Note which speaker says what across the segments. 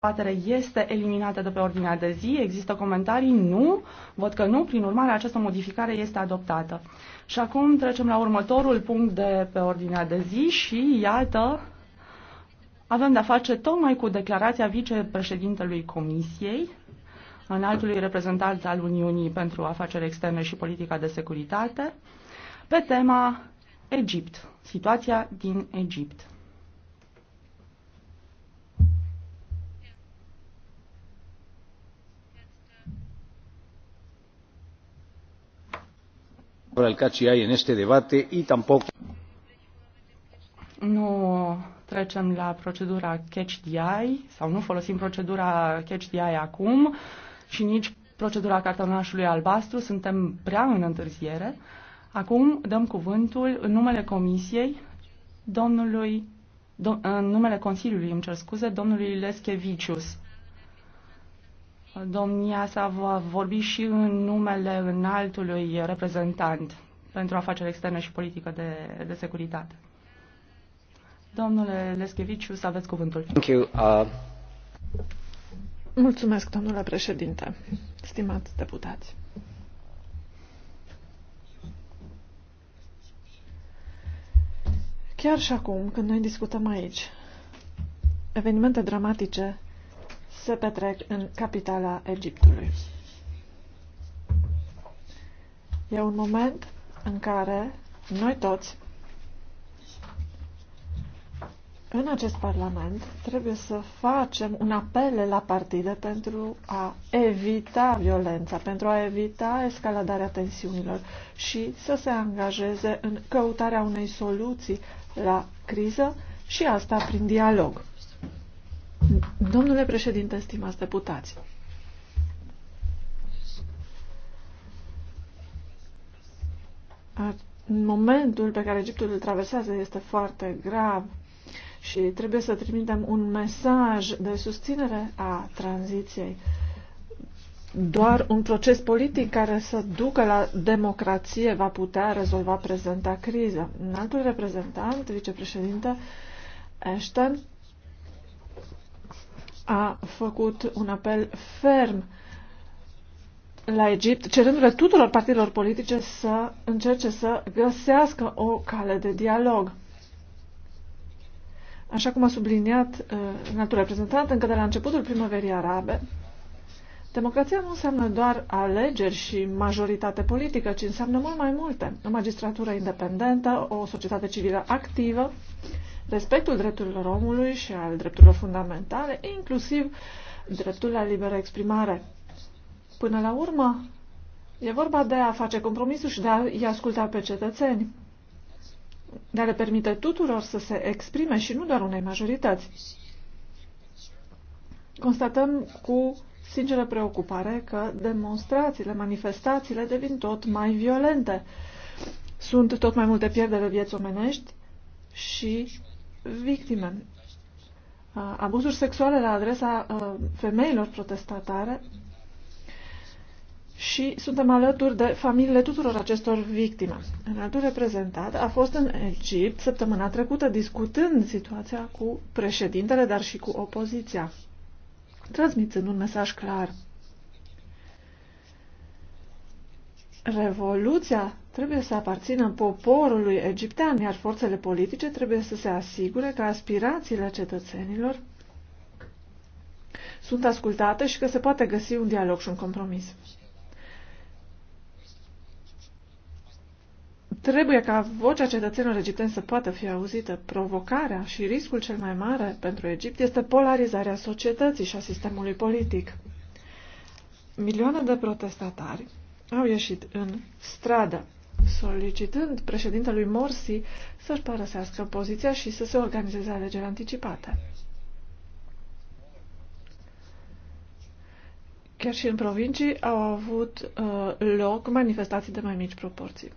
Speaker 1: dezbatere este eliminată de pe ordinea de zi. Există comentarii? Nu. Văd că nu. Prin urmare, această modificare este adoptată. Și acum trecem la următorul punct de pe ordinea de zi și iată, avem de-a face tocmai cu declarația vicepreședintelui Comisiei, înaltului reprezentant al Uniunii pentru afaceri externe și politica de securitate, pe tema Egipt, situația din Egipt.
Speaker 2: para el catch en este debate y tampoco.
Speaker 1: Nu trecem la procedura catch the eye sau nu folosim procedura catch the eye acum și nici procedura cartonașului albastru. Suntem prea în întârziere. Acum dăm cuvântul în numele Comisiei domnului, do, în numele Consiliului, îmi cer scuze, domnului Leschevicius. Domnia sa va vorbi și în numele înaltului reprezentant pentru afaceri externe și politică de, de securitate. Domnule Leschiviciu, să aveți cuvântul. Thank you. Uh...
Speaker 2: Mulțumesc, domnule președinte, stimați deputați. Chiar și acum, când noi discutăm aici evenimente dramatice se petrec în capitala Egiptului. E un moment în care noi toți, în acest Parlament, trebuie să facem un apel la partide pentru a evita violența, pentru a evita escaladarea tensiunilor și să se angajeze în căutarea unei soluții la criză și asta prin dialog. Domnule președinte, stimați deputați, momentul pe care Egiptul îl traversează este foarte grav și trebuie să trimitem un mesaj de susținere a tranziției. Doar un proces politic care să ducă la democrație va putea rezolva prezenta criză. Un altul reprezentant, vicepreședinte Ashton, a făcut un apel ferm la Egipt, cerându-le tuturor partidelor politice să încerce să găsească o cale de dialog. Așa cum a subliniat uh, altul reprezentant încă de la începutul primăverii arabe, democrația nu înseamnă doar alegeri și majoritate politică, ci înseamnă mult mai multe. O magistratură independentă, o societate civilă activă, uh, respectul drepturilor omului și al drepturilor fundamentale, inclusiv dreptul la liberă exprimare. Până la urmă, e vorba de a face compromisul și de a-i asculta pe cetățeni, de a le permite tuturor să se exprime și nu doar unei majorități. Constatăm cu sinceră preocupare că demonstrațiile, manifestațiile devin tot mai violente. Sunt tot mai multe pierderi de vieți omenești și victime. Abuzuri sexuale la adresa femeilor protestatare și suntem alături de familiile tuturor acestor victime. În altul reprezentat a fost în Egipt săptămâna trecută discutând situația cu președintele, dar și cu opoziția, transmițând un mesaj clar – Revoluția trebuie să aparțină poporului egiptean, iar forțele politice trebuie să se asigure că aspirațiile cetățenilor sunt ascultate și că se poate găsi un dialog și un compromis. Trebuie ca vocea cetățenilor egipteni să poată fi auzită. Provocarea și riscul cel mai mare pentru Egipt este polarizarea societății și a sistemului politic. Milioane de protestatari au ieșit în stradă, solicitând președintelui Morsi să-și părăsească poziția și să se organizeze alegeri anticipate. Chiar și în provincii au avut uh, loc manifestații de mai mici proporții.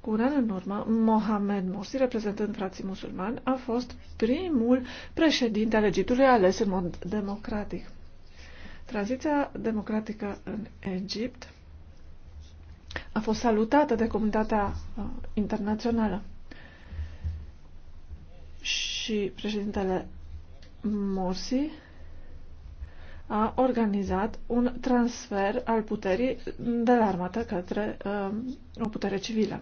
Speaker 2: Cu un an în urmă, Mohamed Morsi, reprezentând frații musulmani, a fost primul președinte al Egiptului ales în mod democratic. Tranziția democratică în Egipt a fost salutată de comunitatea uh, internațională. Și președintele Morsi a organizat un transfer al puterii de la armată către uh, o putere civilă.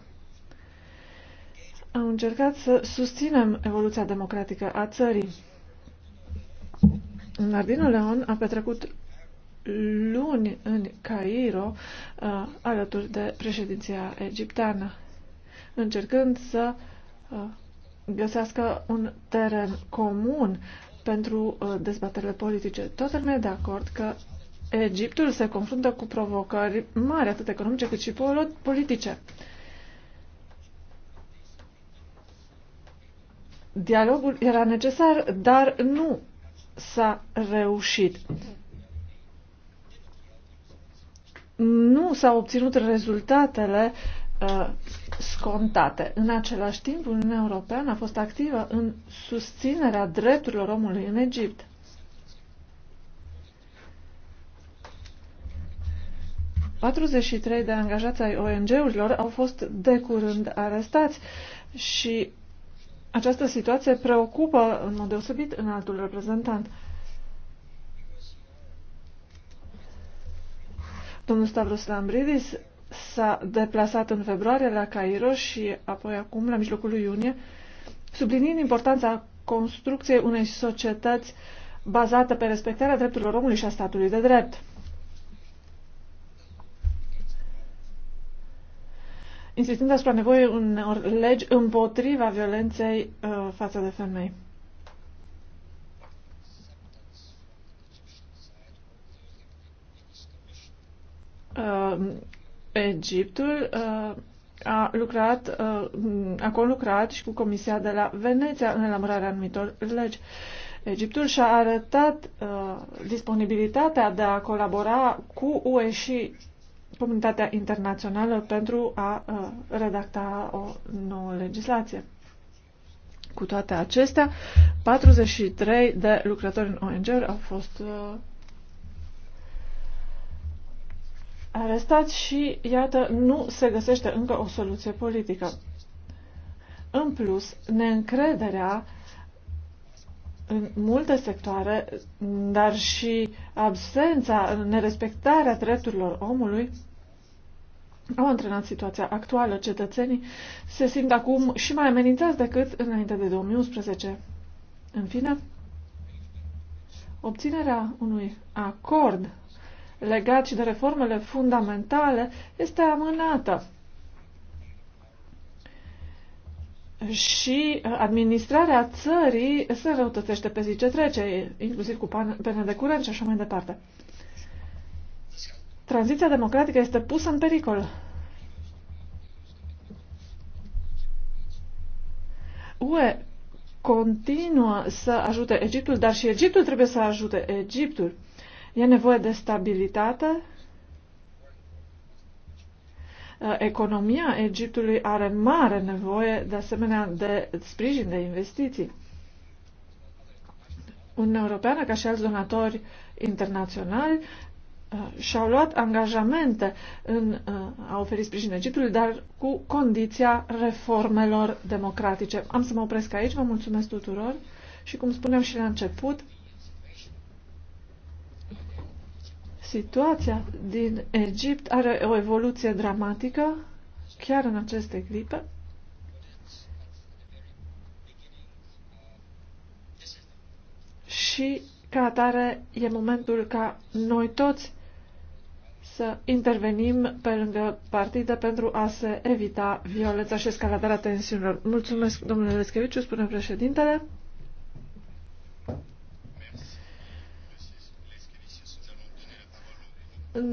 Speaker 2: Am încercat să susținem evoluția democratică a țării. Nardino Leon a petrecut luni în Cairo uh, alături de președinția egipteană, încercând să uh, găsească un teren comun pentru uh, dezbaterile politice. Toată lumea de acord că Egiptul se confruntă cu provocări mari, atât economice cât și politice. Dialogul era necesar, dar nu s-a reușit nu s-au obținut rezultatele uh, scontate. În același timp, Uniunea Europeană a fost activă în susținerea drepturilor omului în Egipt. ...43 de angajați ai ONG-urilor au fost de curând arestați și această situație preocupă în mod deosebit în altul reprezentant. Uh, Domnul Stavros Lambridis s-a deplasat în februarie la Cairo și apoi acum, la mijlocul lui iunie, sublinind importanța construcției unei societăți bazată pe respectarea drepturilor omului și a statului de drept. Insistând asupra nevoii unor legi împotriva violenței uh, față de femei. Egiptul uh, a lucrat, uh, a conlucrat și cu Comisia de la Veneția în elaborarea anumitor legi. Egiptul și-a arătat uh, disponibilitatea de a colabora cu UE și comunitatea internațională pentru a uh, redacta o nouă legislație. Cu toate acestea, 43 de lucrători în ONG au fost uh, Arestat și, iată, nu se găsește încă o soluție politică. În plus, neîncrederea în multe sectoare, dar și absența, nerespectarea drepturilor omului, au antrenat situația actuală. Cetățenii se simt acum și mai amenințați decât înainte de 2011. În fine, obținerea unui acord legat și de reformele fundamentale este amânată. Și administrarea țării se răutățește pe zi ce trece, inclusiv cu pene de curent și așa mai departe. Tranziția democratică este pusă în pericol. UE continuă să ajute Egiptul, dar și Egiptul trebuie să ajute Egiptul. E nevoie de stabilitate. Uh, economia Egiptului are mare nevoie, de asemenea, de sprijin, de investiții. Uniunea Europeană, ca și alți donatori internaționali, uh, și-au luat angajamente în uh, a oferi sprijin Egiptului, dar cu condiția reformelor democratice. Am să mă opresc aici, vă mulțumesc tuturor și, cum spuneam și la început, Situația din Egipt are o evoluție dramatică chiar în aceste clipe. Și ca atare e momentul ca noi toți să intervenim pe lângă partide pentru a se evita violența și escaladarea tensiunilor. Mulțumesc, domnule Lescheviciu, spune președintele.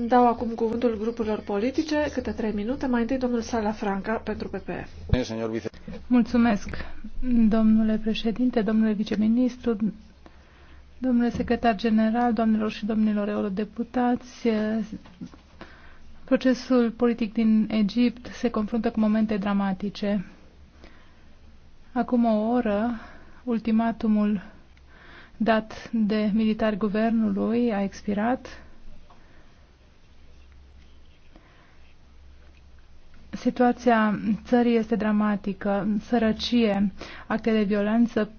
Speaker 2: dau acum cuvântul grupurilor politice, câte trei minute. Mai întâi domnul Sala Franca pentru PPE.
Speaker 3: Mulțumesc, domnule președinte, domnule viceministru, domnule secretar general, domnilor și domnilor eurodeputați. Procesul politic din Egipt se confruntă cu momente dramatice. Acum o oră, ultimatumul dat de militari guvernului a expirat Situația țării este dramatică, sărăcie, acte de violență,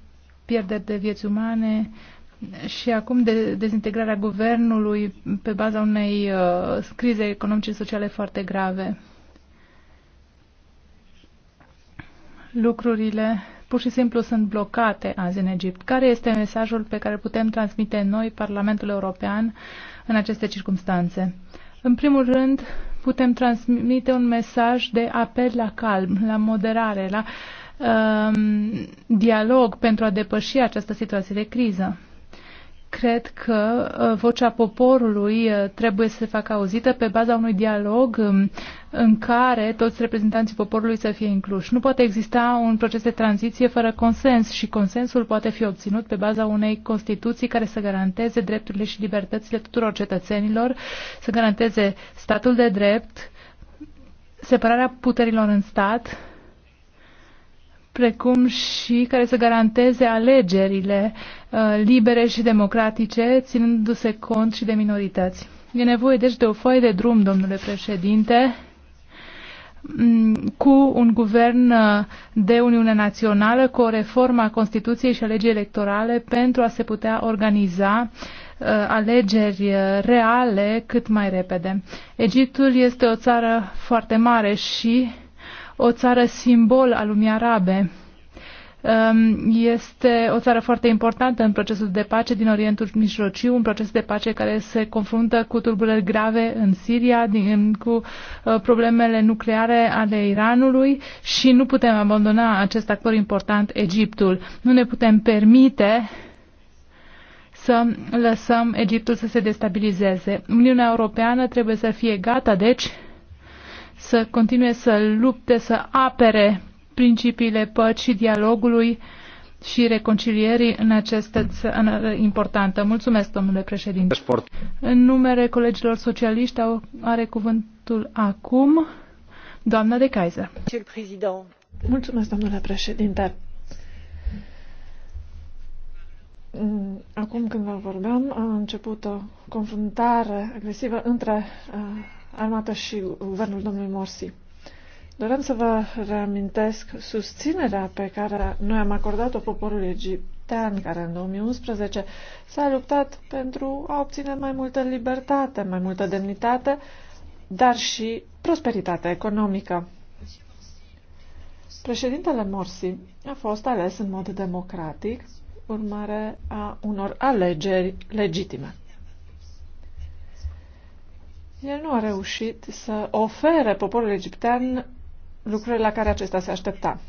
Speaker 3: pierderi de vieți umane și acum de dezintegrarea guvernului pe baza unei uh, crize economice și sociale foarte grave. Lucrurile pur și simplu sunt blocate azi în Egipt. Care este mesajul pe care putem transmite noi, Parlamentul European, în aceste circunstanțe? În primul rând, putem transmite un mesaj de apel la calm, la moderare, la um, dialog pentru a depăși această situație de criză cred că uh, vocea poporului uh, trebuie să se facă auzită pe baza unui dialog um, în care toți reprezentanții poporului să fie incluși. Nu poate exista un proces de tranziție fără consens și consensul poate fi obținut pe baza unei Constituții care să garanteze drepturile și libertățile tuturor cetățenilor, să garanteze statul de drept, separarea puterilor în stat precum și care să garanteze alegerile uh, libere și democratice, ținându-se cont și de minorități. E nevoie deci de o foaie de drum, domnule președinte, mm, cu un guvern uh, de Uniune Națională, cu o reformă a Constituției și a legii electorale pentru a se putea organiza uh, alegeri uh, reale cât mai repede. Egiptul este o țară foarte mare și o țară simbol a lumii arabe. Um, este o țară foarte importantă în procesul de pace din Orientul Mijlociu, un proces de pace care se confruntă cu tulburări grave în Siria, din, cu uh, problemele nucleare ale Iranului și nu putem abandona acest actor important, Egiptul. Nu ne putem permite să lăsăm Egiptul să se destabilizeze. Uniunea Europeană trebuie să fie gata, deci, să continue să lupte, să apere principiile păcii, dialogului și reconcilierii în această țară importantă. Mulțumesc, domnule președinte. Sport. În numere colegilor socialiști au, are cuvântul acum doamna de Kaiser. Mulțumesc, domnule președinte.
Speaker 2: Mm, acum când vă vorbeam, a început o confruntare agresivă între uh, armată și guvernul domnului Morsi. Doream să vă reamintesc susținerea pe care noi am acordat-o poporului egiptean, care în 2011 s-a luptat pentru a obține mai multă libertate, mai multă demnitate, dar și prosperitate economică. Președintele Morsi a fost ales în mod democratic, urmare a unor alegeri legitime. El nu a reușit să ofere poporul egiptean lucrurile la care acesta se aștepta.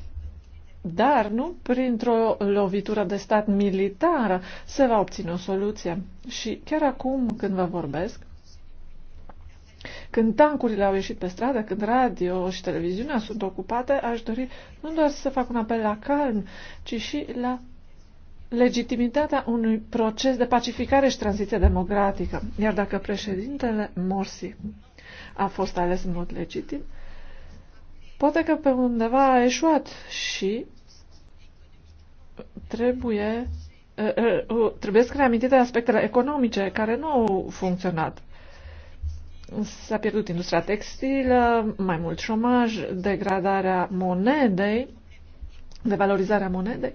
Speaker 2: Dar nu printr-o lovitură de stat militară se va obține o soluție. Și chiar acum când vă vorbesc, când tancurile au ieșit pe stradă, când radio și televiziunea sunt ocupate, aș dori nu doar să fac un apel la calm, ci și la legitimitatea unui proces de pacificare și tranziție democratică. Iar dacă președintele Morsi a fost ales în mod legitim, poate că pe undeva a eșuat și trebuie trebuie să reamintite aspectele economice care nu au funcționat. S-a pierdut industria textilă, mai mult șomaj, degradarea monedei, devalorizarea monedei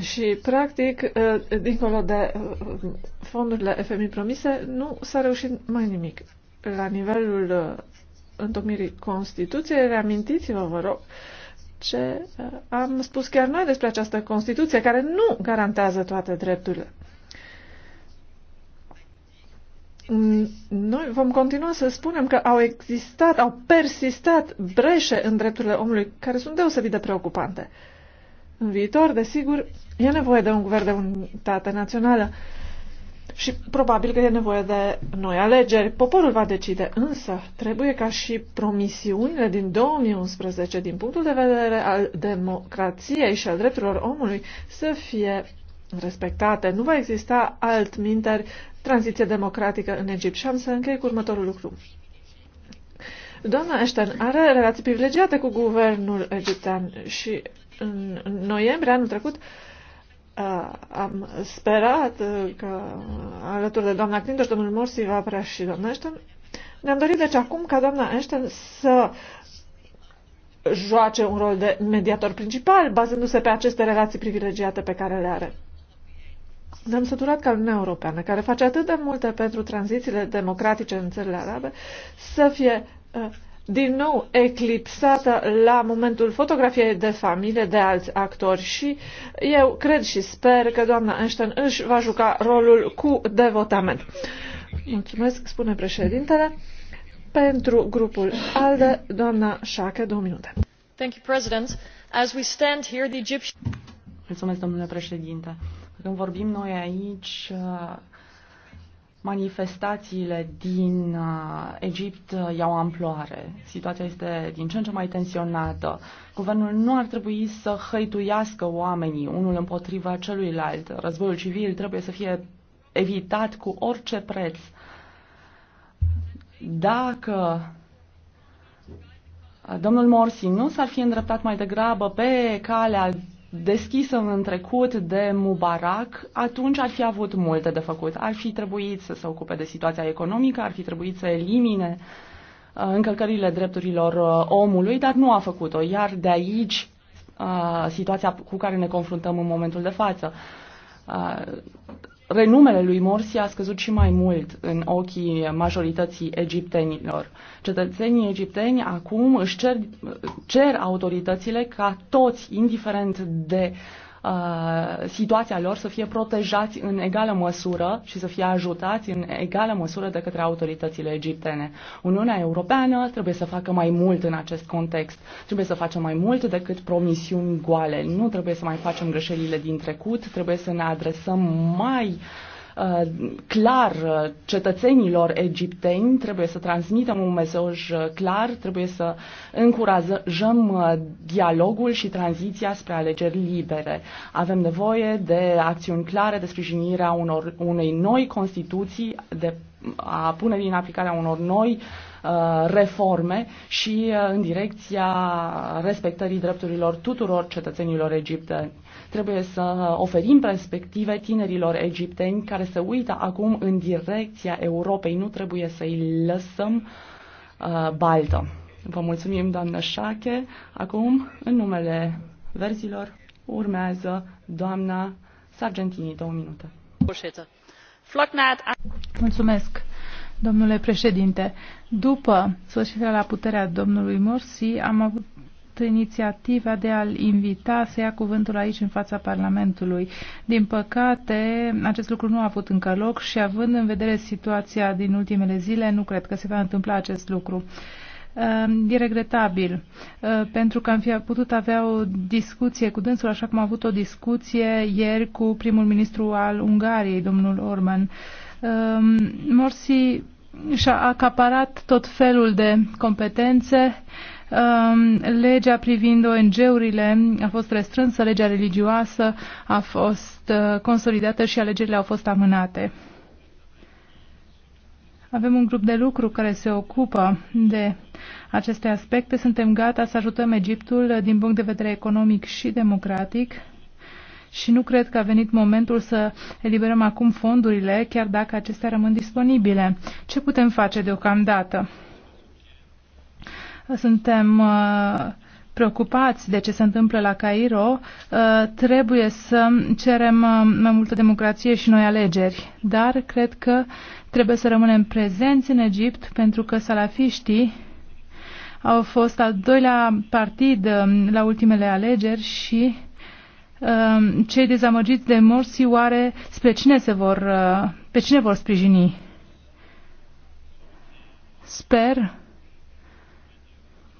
Speaker 2: Și, practic, uh, dincolo de uh, fondurile FMI promise, nu s-a reușit mai nimic. La nivelul uh, întocmirii Constituției, reamintiți-vă, vă rog, ce am spus chiar noi despre această Constituție, care nu garantează toate drepturile. Noi vom continua să spunem că au existat, au persistat breșe în drepturile omului, care sunt deosebit de preocupante. În viitor, desigur, e nevoie de un guvern de unitate națională și probabil că e nevoie de noi alegeri. Poporul va decide, însă trebuie ca și promisiunile din 2011, din punctul de vedere al democrației și al drepturilor omului, să fie respectate. Nu va exista altminteri tranziție democratică în Egipt. Și am să închei cu următorul lucru. Doamna Ashton are relații privilegiate cu guvernul egiptean și în noiembrie anul trecut uh, am sperat uh, că alături de doamna Clinton domnul Morsi va apărea și doamna Ashton. Ne-am dorit deci acum ca doamna Ashton să joace un rol de mediator principal, bazându-se pe aceste relații privilegiate pe care le are. Ne-am săturat ca Uniunea Europeană, care face atât de multe pentru tranzițiile democratice în țările arabe, să fie uh, din nou eclipsată la momentul fotografiei de familie de alți actori și eu cred și sper că doamna Einstein își va juca rolul cu devotament. Mulțumesc, spune președintele. Pentru grupul ALDE, doamna Șache, două minute. Thank you, President. As we stand here,
Speaker 1: the Egyptian... Mulțumesc, domnule președinte. Când vorbim noi aici, uh manifestațiile din uh, Egipt uh, iau amploare. Situația este din ce în ce mai tensionată. Guvernul nu ar trebui să hăituiască oamenii unul împotriva celuilalt. Războiul civil trebuie să fie evitat cu orice preț. Dacă domnul Morsi nu s-ar fi îndreptat mai degrabă pe calea deschisă în trecut de Mubarak, atunci ar fi avut multe de făcut. Ar fi trebuit să se ocupe de situația economică, ar fi trebuit să elimine uh, încălcările drepturilor uh, omului, dar nu a făcut-o. Iar de aici uh, situația cu care ne confruntăm în momentul de față renumele lui Morsi a scăzut și mai mult în ochii majorității egiptenilor. Cetățenii egipteni acum își cer, cer autoritățile ca toți, indiferent de uh, Uh, situația lor să fie protejați în egală măsură și să fie ajutați în egală măsură de către autoritățile egiptene. Uniunea Europeană trebuie să facă mai mult în acest context. Trebuie să facem mai mult decât promisiuni goale. Nu trebuie să mai facem greșelile din trecut, trebuie să ne adresăm mai uh, Uh, clar uh, cetățenilor egipteni, trebuie să transmitem un mesaj uh, clar, trebuie să încurajăm dialogul și tranziția spre alegeri libere. Avem nevoie de acțiuni clare, de sprijinirea unor, unei noi Constituții, de a pune din aplicarea unor noi uh, Uh, reforme și uh, în direcția respectării drepturilor tuturor cetățenilor egipteni. Trebuie să oferim perspective tinerilor egipteni care se uită acum în direcția Europei. Nu trebuie să-i lăsăm uh, baltă. Vă mulțumim, doamnă Șache. Acum, în numele verzilor, urmează doamna Sargentini, două minute.
Speaker 3: Mulțumesc. Domnule președinte, după sfârșirea la puterea domnului Morsi, am avut inițiativa de a-l invita să ia cuvântul aici în fața Parlamentului. Din păcate, acest lucru nu a avut încă loc și având în vedere situația din ultimele zile, nu cred că se va întâmpla acest lucru. Ehm, e regretabil, ehm, pentru că am fi putut avea o discuție cu dânsul, așa cum am avut o discuție ieri cu primul ministru al Ungariei, domnul Orman Um, Morsi și-a acaparat tot felul de competențe. Um, legea privind ONG-urile a fost restrânsă, legea religioasă a fost uh, consolidată și alegerile au fost amânate. Avem un grup de lucru care se ocupă de aceste aspecte. Suntem gata să ajutăm Egiptul din punct de vedere economic și democratic și nu cred că a venit momentul să eliberăm acum fondurile, chiar dacă acestea rămân disponibile. Ce putem face deocamdată? Suntem uh, preocupați de ce se întâmplă la Cairo, uh, trebuie să cerem uh, mai multă democrație și noi alegeri. Dar cred că trebuie să rămânem prezenți în Egipt pentru că salafiștii au fost al doilea partid um, la ultimele alegeri și Ehm, cei dezamăgiți de morți oare spre cine se vor, eh, pe cine vor sprijini? Sper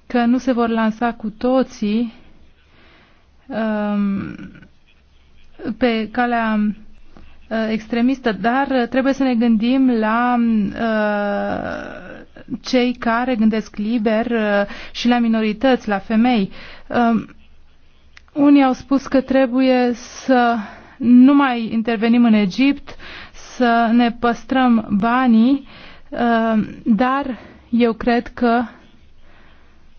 Speaker 3: că nu se vor lansa cu toții ehm, pe calea eh, extremistă, dar trebuie să ne gândim la eh, cei care gândesc liber și la minorități, la femei. Ehm, unii au spus că trebuie să nu mai intervenim în Egipt, să ne păstrăm banii, uh, dar eu cred că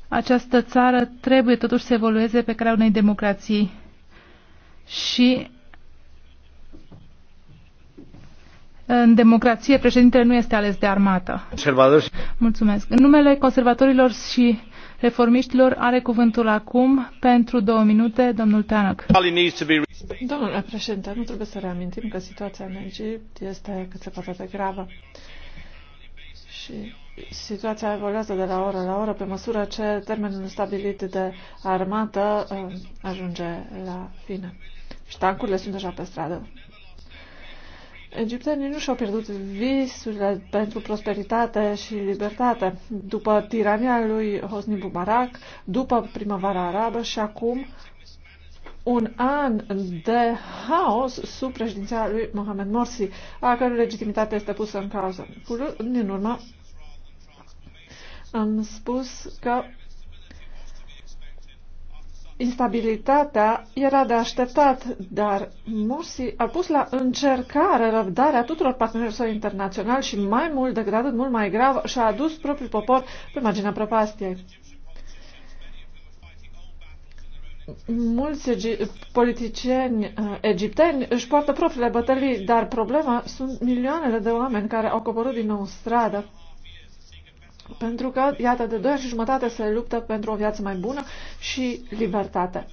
Speaker 3: această țară trebuie totuși să evolueze pe calea unei democrații și în democrație președintele nu este ales de armată. Mulțumesc. În numele conservatorilor și reformiștilor. Are cuvântul acum pentru două minute domnul Tanak. Domnule președinte,
Speaker 2: nu trebuie să reamintim că situația în Egipt este cât se poate de gravă. Și situația evoluează de la oră la oră pe măsură ce termenul stabilit de armată uh, ajunge la fine. Și tancurile sunt deja pe stradă. Egiptenii nu și-au pierdut visurile pentru prosperitate și libertate după tirania lui Hosni Mubarak, după primăvara arabă și acum un an de haos sub președinția lui Mohamed Morsi, a cărui legitimitate este pusă în cauză. Din urmă am spus că Instabilitatea era de așteptat, dar Morsi a pus la încercare răbdarea tuturor partenerilor săi internaționali și mai mult de gradul mult mai grav, și-a adus propriul popor pe marginea prăpastiei. Mulți egi- politicieni uh, egipteni își poartă propriile bătălii, dar problema sunt milioanele de oameni care au coborât din nou stradă. Pentru că, iată, de doi ani și jumătate se luptă pentru o viață mai bună și libertate.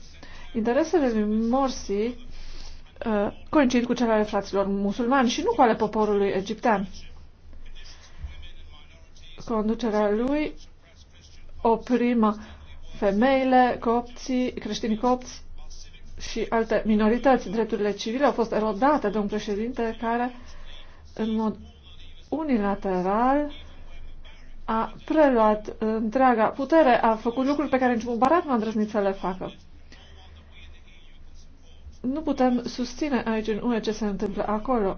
Speaker 2: Interesele lui Morsi uh, coincid cu cele ale fraților musulmani și nu cu ale poporului egiptean. Conducerea lui oprimă femeile, copții, creștinii copți și alte minorități. Drepturile civile au fost erodate de un președinte care, în mod unilateral, a preluat întreaga putere, a făcut lucruri pe care nici Mubarak nu a îndrăznit să le facă. Nu putem susține aici în UE ce se întâmplă acolo.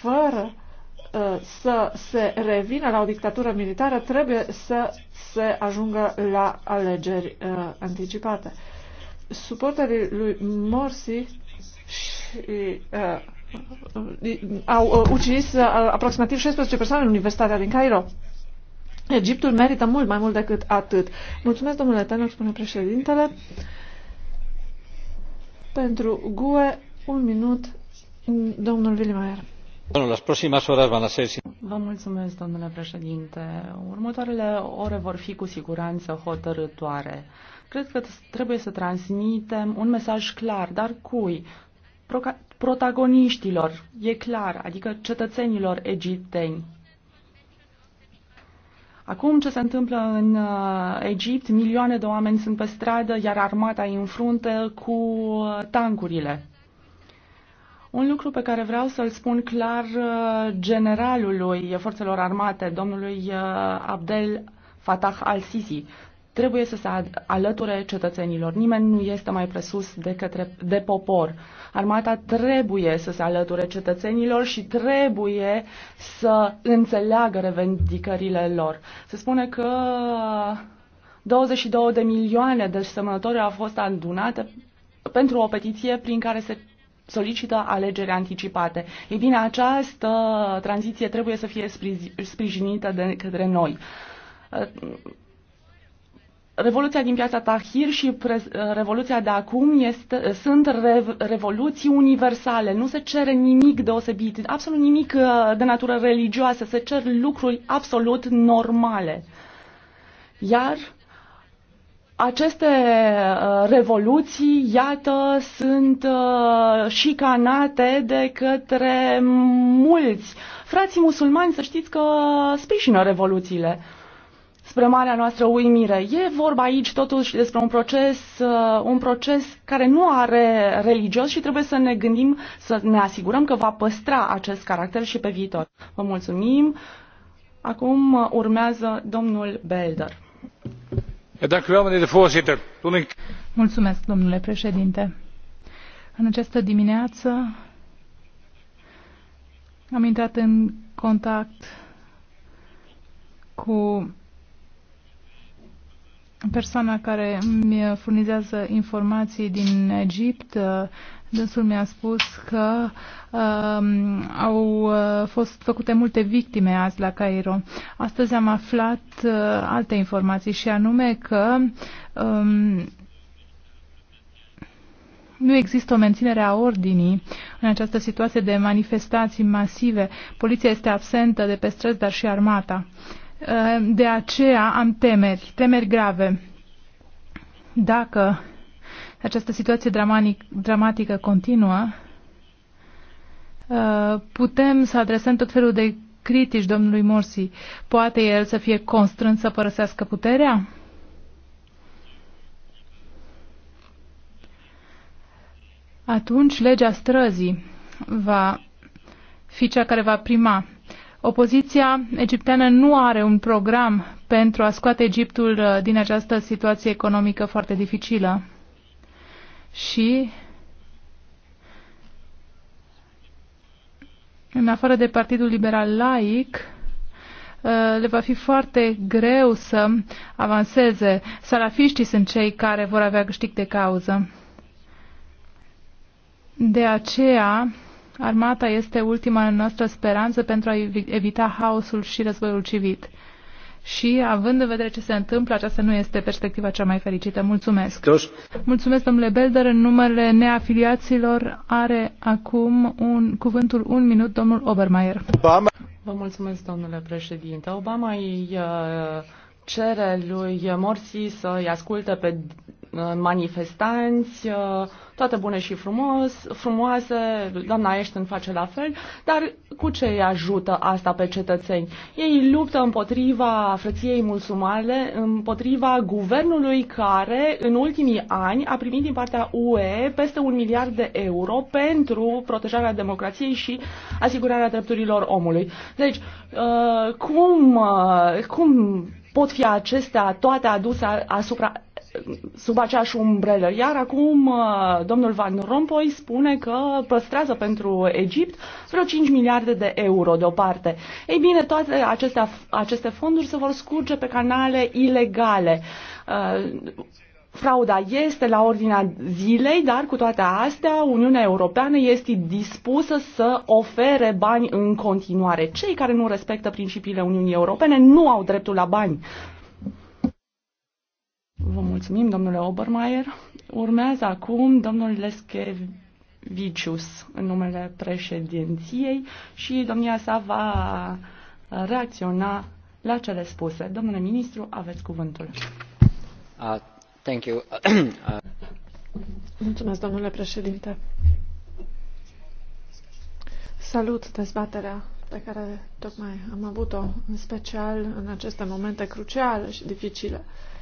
Speaker 2: Fără uh, să se revină la o dictatură militară, trebuie să se ajungă la alegeri uh, anticipate. Suporterii lui Morsi și uh, au uh, ucis uh, aproximativ 16 persoane în Universitatea din Cairo. Egiptul merită mult mai mult decât atât. Mulțumesc, domnule Tenor, spune președintele. Pentru GUE, un minut,
Speaker 1: domnul Villimaier. Vă mulțumesc, domnule președinte. Următoarele ore vor fi cu siguranță hotărătoare. Cred că trebuie să transmitem un mesaj clar, dar cui? protagoniștilor, e clar, adică cetățenilor egipteni. Acum ce se întâmplă în uh, Egipt, milioane de oameni sunt pe stradă, iar armata în frunte cu uh, tancurile. Un lucru pe care vreau să-l spun clar uh, generalului forțelor armate, domnului Abdel Fatah al-Sisi trebuie să se alăture cetățenilor. Nimeni nu este mai presus de, către, de popor. Armata trebuie să se alăture cetățenilor și trebuie să înțeleagă revendicările lor. Se spune că 22 de milioane de semnători au fost adunate pentru o petiție prin care se solicită alegeri anticipate. Ei bine, această tranziție trebuie să fie sprijinită de către noi Revoluția din piața Tahir și pre, revoluția de acum este, sunt re, revoluții universale. Nu se cere nimic deosebit, absolut nimic uh, de natură religioasă. Se cer lucruri absolut normale. Iar aceste uh, revoluții, iată, sunt uh, șicanate de către mulți. Frații musulmani, să știți că sprijină revoluțiile spre marea noastră uimire. E vorba aici totuși despre un proces, uh, un proces care nu are religios și trebuie să ne gândim, să ne asigurăm că va păstra acest caracter și pe viitor. Vă mulțumim. Acum uh, urmează domnul Belder.
Speaker 3: Mulțumesc, domnule președinte. În această dimineață am intrat în contact cu persoana care mi furnizează informații din Egipt, uh, dânsul mi-a spus că um, au uh, fost făcute multe victime azi la Cairo. Astăzi am aflat uh, alte informații și anume că um, nu există o menținere a ordinii în această situație de manifestații masive. Poliția este absentă de pe străzi, dar și armata. Uh, Ehm, de aceea am temeri, temeri grave. Dacă această situație dramatic, dramatică continuă, ehm, putem să adresăm tot felul de critici domnului Morsi. Poate el să fie constrâns să părăsească puterea? Atunci legea străzii va fi cea care va prima Opoziția egipteană nu are un program pentru a scoate Egiptul uh, din această situație economică foarte dificilă. Și în afară de Partidul Liberal Laic, uh, le va fi foarte greu să avanseze. Salafiștii sunt cei care vor avea câștig de cauză. De aceea, Armata este ultima noastră speranță pentru a evita haosul și războiul civit. Și, având în vedere ce se întâmplă, aceasta nu este perspectiva cea mai fericită. Mulțumesc! Toși. Mulțumesc, domnule Belder. În numele neafiliaților are acum un, cuvântul un minut domnul Obermeier.
Speaker 1: Obama. Vă mulțumesc, domnule președinte. Obama îi uh, cere lui Morsi să-i asculte pe manifestanți, uh, toate bune și frumos, frumoase, doamna Ashton face la fel, dar cu ce îi ajută asta pe cetățeni? Ei luptă împotriva frăției musulmane, împotriva guvernului care în ultimii ani a primit din partea UE peste un miliard de euro pentru protejarea democrației și asigurarea drepturilor omului. Deci, uh, cum, uh, cum pot fi acestea toate aduse asupra sub aceeași umbrelă. Iar acum uh, domnul Van Rompuy spune că păstrează pentru Egipt vreo 5 miliarde de euro deoparte. Ei bine, toate aceste, aceste fonduri se vor scurge pe canale ilegale. Uh, frauda este la ordinea zilei, dar cu toate astea, Uniunea Europeană este dispusă să ofere bani în continuare. Cei care nu respectă principiile Uniunii Europene nu au dreptul la bani. Vă mulțumim, domnule Obermeier. Urmează acum domnul Leschevicius în numele președinției și domnia sa va uh, reacționa la cele spuse. Domnule ministru, aveți cuvântul. Uh, thank you. uh. Mulțumesc, domnule președinte.
Speaker 2: Salut dezbaterea pe care tocmai am avut-o, în special în aceste momente cruciale și dificile. Uh,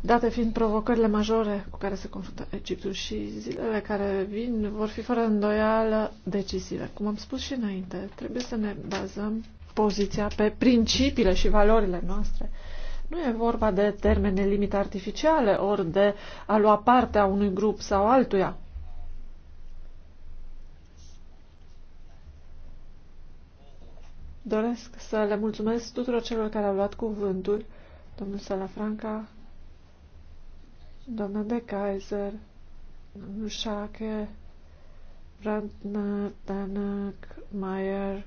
Speaker 2: date fiind provocările majore cu care se confruntă Egiptul și zilele care vin vor fi fără îndoială decisive. Cum am spus și înainte, trebuie să ne bazăm poziția pe principiile și valorile noastre. Nu e vorba de termene limite artificiale, ori de a lua parte a unui grup sau altuia. Doresc să le mulțumesc tuturor celor care au luat cuvântul, domnul Salafranca, doamna de Kaiser, domnul Schake, Brandner, Danak, Mayer,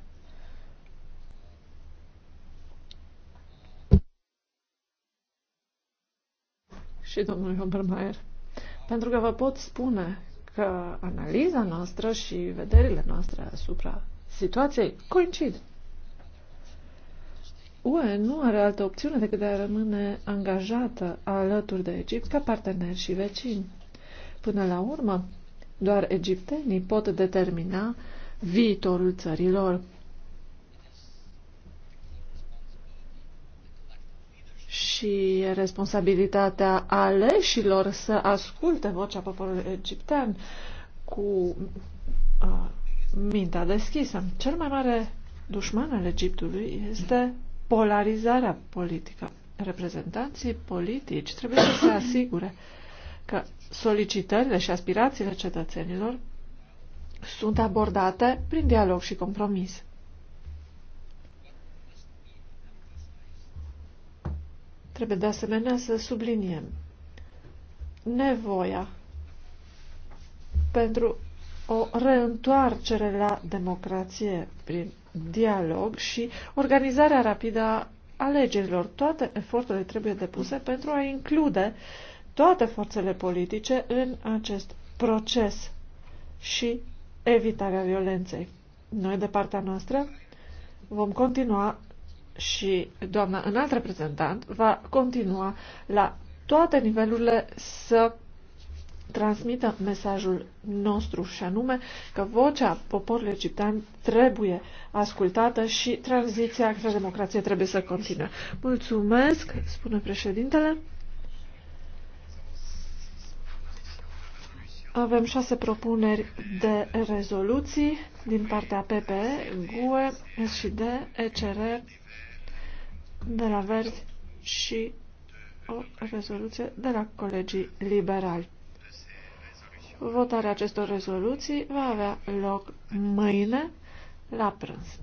Speaker 2: și domnul Obermeier. Pentru că vă pot spune că analiza noastră și vederile noastre asupra situației coincid. UE nu are altă opțiune decât de a rămâne angajată alături de Egipt ca partener și vecin. Până la urmă, doar egiptenii pot determina viitorul țărilor. și responsabilitatea aleșilor să asculte vocea poporului egiptean cu a, mintea deschisă. Cel mai mare dușman al Egiptului este polarizarea politică. Reprezentanții politici trebuie să se asigure că solicitările și aspirațiile cetățenilor sunt abordate prin dialog și compromis. Trebuie de asemenea să subliniem nevoia pentru o reîntoarcere la democrație prin dialog și organizarea rapidă a alegerilor. Toate eforturile trebuie depuse pentru a include toate forțele politice în acest proces și evitarea violenței. Noi, de partea noastră, vom continua și doamna înalt reprezentant va continua la toate nivelurile să transmită mesajul nostru și anume că vocea poporului egiptean trebuie ascultată și tranziția către democrație trebuie să continue. Mulțumesc, spune președintele. Avem șase propuneri de rezoluții din partea PPE, GUE, SD, ECR, de la Verzi și o rezoluție de la colegii liberali. Votarea acestor rezoluții va avea loc mâine la prânz.